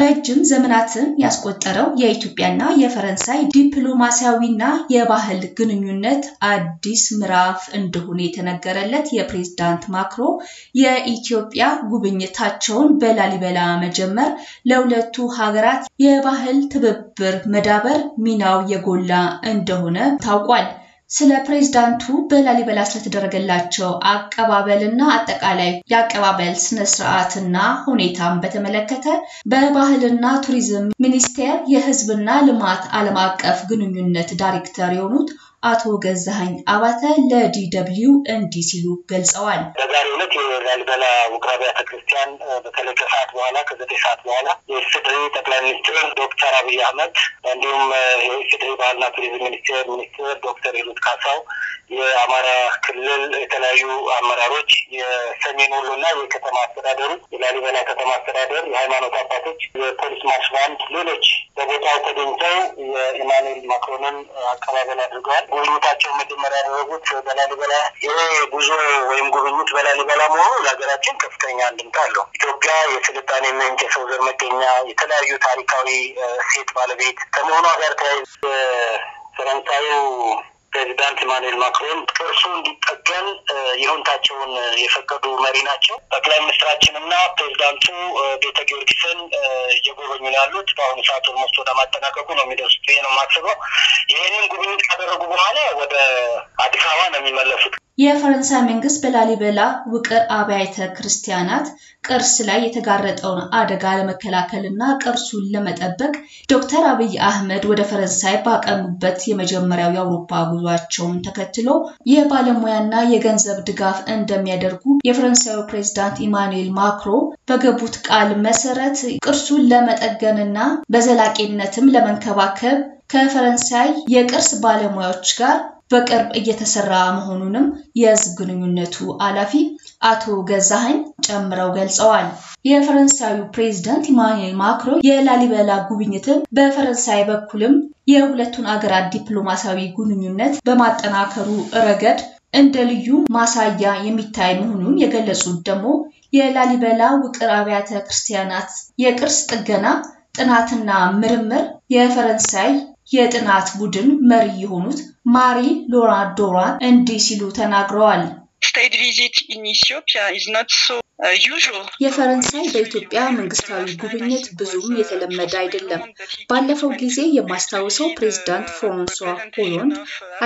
ረጅም ዘመናትን ያስቆጠረው የኢትዮጵያና የፈረንሳይ ዲፕሎማሲያዊና የባህል ግንኙነት አዲስ ምዕራፍ እንደሆነ የተነገረለት የፕሬዝዳንት ማክሮ የኢትዮጵያ ጉብኝታቸውን በላሊበላ መጀመር ለሁለቱ ሀገራት የባህል ትብብር መዳበር ሚናው የጎላ እንደሆነ ታውቋል። ስለ ፕሬዝዳንቱ በላሊበላ ስለተደረገላቸው አቀባበልና አጠቃላይ የአቀባበል ስነስርዓትና ሁኔታን በተመለከተ በባህልና ቱሪዝም ሚኒስቴር የህዝብና ልማት ዓለም አቀፍ ግንኙነት ዳይሬክተር የሆኑት አቶ ገዛሀኝ አባተ ለዲ ደብልዩ እንዲህ ሲሉ ገልጸዋል። በዛሬ ዕለት የላሊበላ ውቅር አብያተ ክርስቲያን በተለይ ከሰዓት በኋላ ከዘጠኝ ሰዓት በኋላ የኢፌዴሪ ጠቅላይ ሚኒስትር ዶክተር አብይ አህመድ እንዲሁም የኢፌዴሪ ባህልና ቱሪዝም ሚኒስቴር ሚኒስትር ዶክተር ሂሩት ካሳው የአማራ ክልል የተለያዩ አመራሮች፣ የሰሜን ወሎና የከተማ አስተዳደሩ፣ የላሊበላ ከተማ አስተዳደር፣ የሃይማኖት አባቶች፣ የፖሊስ ማርሽ ባንድ፣ ሌሎች በቦታው ተገኝተው የኢማኑኤል ማክሮንን አቀባበል አድርገዋል። ጉብኝታቸው መጀመሪያ ያደረጉት በላሊበላ። ይሄ ጉዞ ወይም ጉብኝት በላሊበላ መሆኑ ለሀገራችን ከፍተኛ አንድምታ አለው። ኢትዮጵያ የስልጣኔ ምንጭ፣ የሰው ዘር መገኛ፣ የተለያዩ ታሪካዊ ሴት ባለቤት ከመሆኗ ጋር ተያይዞ ፈረንሳዩ ፕሬዚዳንት ኢማኑኤል ማክሮን ቅርሱ እንዲጠገን ይሁንታቸውን የፈቀዱ መሪ ናቸው። ጠቅላይ ሚኒስትራችን እና ፕሬዚዳንቱ ቤተ ጊዮርጊስን እየጎበኙ ነው ያሉት። በአሁኑ ሰዓት ኦልሞስት ወደ ማጠናቀቁ ነው የሚደርሱት ብዬ ነው የማስበው። ይህንን ጉብኝት ካደረጉ በኋላ ወደ አዲስ አበባ ነው የሚመለሱት። የፈረንሳይ መንግስት በላሊበላ ውቅር አብያተ ክርስቲያናት ቅርስ ላይ የተጋረጠውን አደጋ ለመከላከልና ቅርሱን ለመጠበቅ ዶክተር አብይ አህመድ ወደ ፈረንሳይ ባቀኑበት የመጀመሪያው የአውሮፓ ጉዟቸውን ተከትሎ የባለሙያና የገንዘብ ድጋፍ እንደሚያደርጉ የፈረንሳዩ ፕሬዚዳንት ኢማኑኤል ማክሮ በገቡት ቃል መሰረት ቅርሱን ለመጠገንና በዘላቂነትም ለመንከባከብ ከፈረንሳይ የቅርስ ባለሙያዎች ጋር በቅርብ እየተሰራ መሆኑንም የህዝብ ግንኙነቱ ኃላፊ አቶ ገዛሀኝ ጨምረው ገልጸዋል። የፈረንሳዩ ፕሬዝዳንት ኢማኑኤል ማክሮ የላሊበላ ጉብኝትን በፈረንሳይ በኩልም የሁለቱን አገራት ዲፕሎማሲያዊ ግንኙነት በማጠናከሩ ረገድ እንደ ልዩ ማሳያ የሚታይ መሆኑን የገለጹት ደግሞ የላሊበላ ውቅር አብያተ ክርስቲያናት የቅርስ ጥገና ጥናትና ምርምር የፈረንሳይ የጥናት ቡድን መሪ የሆኑት ማሪ ሎራ ዶራ እንዲህ ሲሉ ተናግረዋል። uh, የፈረንሳይ በኢትዮጵያ መንግስታዊ ጉብኝት ብዙም የተለመደ አይደለም። ባለፈው ጊዜ የማስታውሰው ፕሬዚዳንት ፍራንሷ ሆሎንድ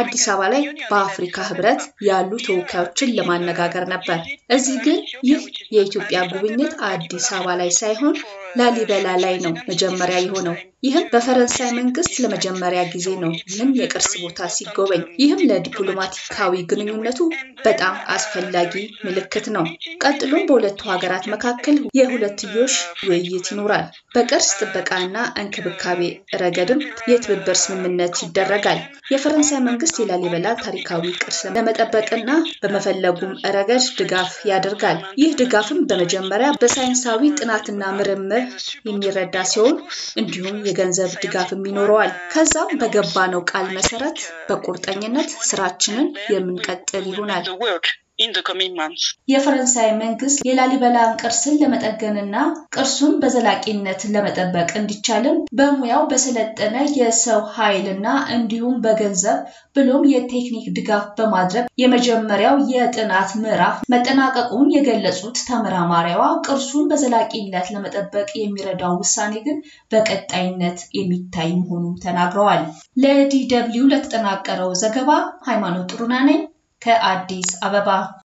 አዲስ አበባ ላይ በአፍሪካ ህብረት ያሉ ተወካዮችን ለማነጋገር ነበር። እዚህ ግን ይህ የኢትዮጵያ ጉብኝት አዲስ አበባ ላይ ሳይሆን ላሊበላ ላይ ነው መጀመሪያ የሆነው። ይህም በፈረንሳይ መንግስት ለመጀመሪያ ጊዜ ነው ይህም የቅርስ ቦታ ሲጎበኝ። ይህም ለዲፕሎማቲካዊ ግንኙነቱ በጣም አስፈላጊ ምልክት ነው። ቀጥሎም በሁለቱ ሀገራት መካከል የሁለትዮሽ ውይይት ይኖራል። በቅርስ ጥበቃና እንክብካቤ ረገድም የትብብር ስምምነት ይደረጋል። የፈረንሳይ መንግስት የላሊበላ ታሪካዊ ቅርስ ለመጠበቅና በመፈለጉም ረገድ ድጋፍ ያደርጋል። ይህ ድጋፍም በመጀመሪያ በሳይንሳዊ ጥናትና ምርምር እንዲያደርግ የሚረዳ ሲሆን እንዲሁም የገንዘብ ድጋፍም ይኖረዋል። ከዛም በገባነው ቃል መሰረት በቁርጠኝነት ስራችንን የምንቀጥል ይሆናል። ኢን ዘ ኮሚንግ ማንት የፈረንሳይ መንግስት የላሊበላን ቅርስን ለመጠገንና ቅርሱን በዘላቂነት ለመጠበቅ እንዲቻልም በሙያው በሰለጠነ የሰው ኃይልና እንዲሁም በገንዘብ ብሎም የቴክኒክ ድጋፍ በማድረግ የመጀመሪያው የጥናት ምዕራፍ መጠናቀቁን የገለጹት ተመራማሪዋ ቅርሱን በዘላቂነት ለመጠበቅ የሚረዳው ውሳኔ ግን በቀጣይነት የሚታይ መሆኑን ተናግረዋል። ለዲ ደብልዩ ለተጠናቀረው ዘገባ ሃይማኖት ጥሩና ነኝ። ከአዲስ አበባ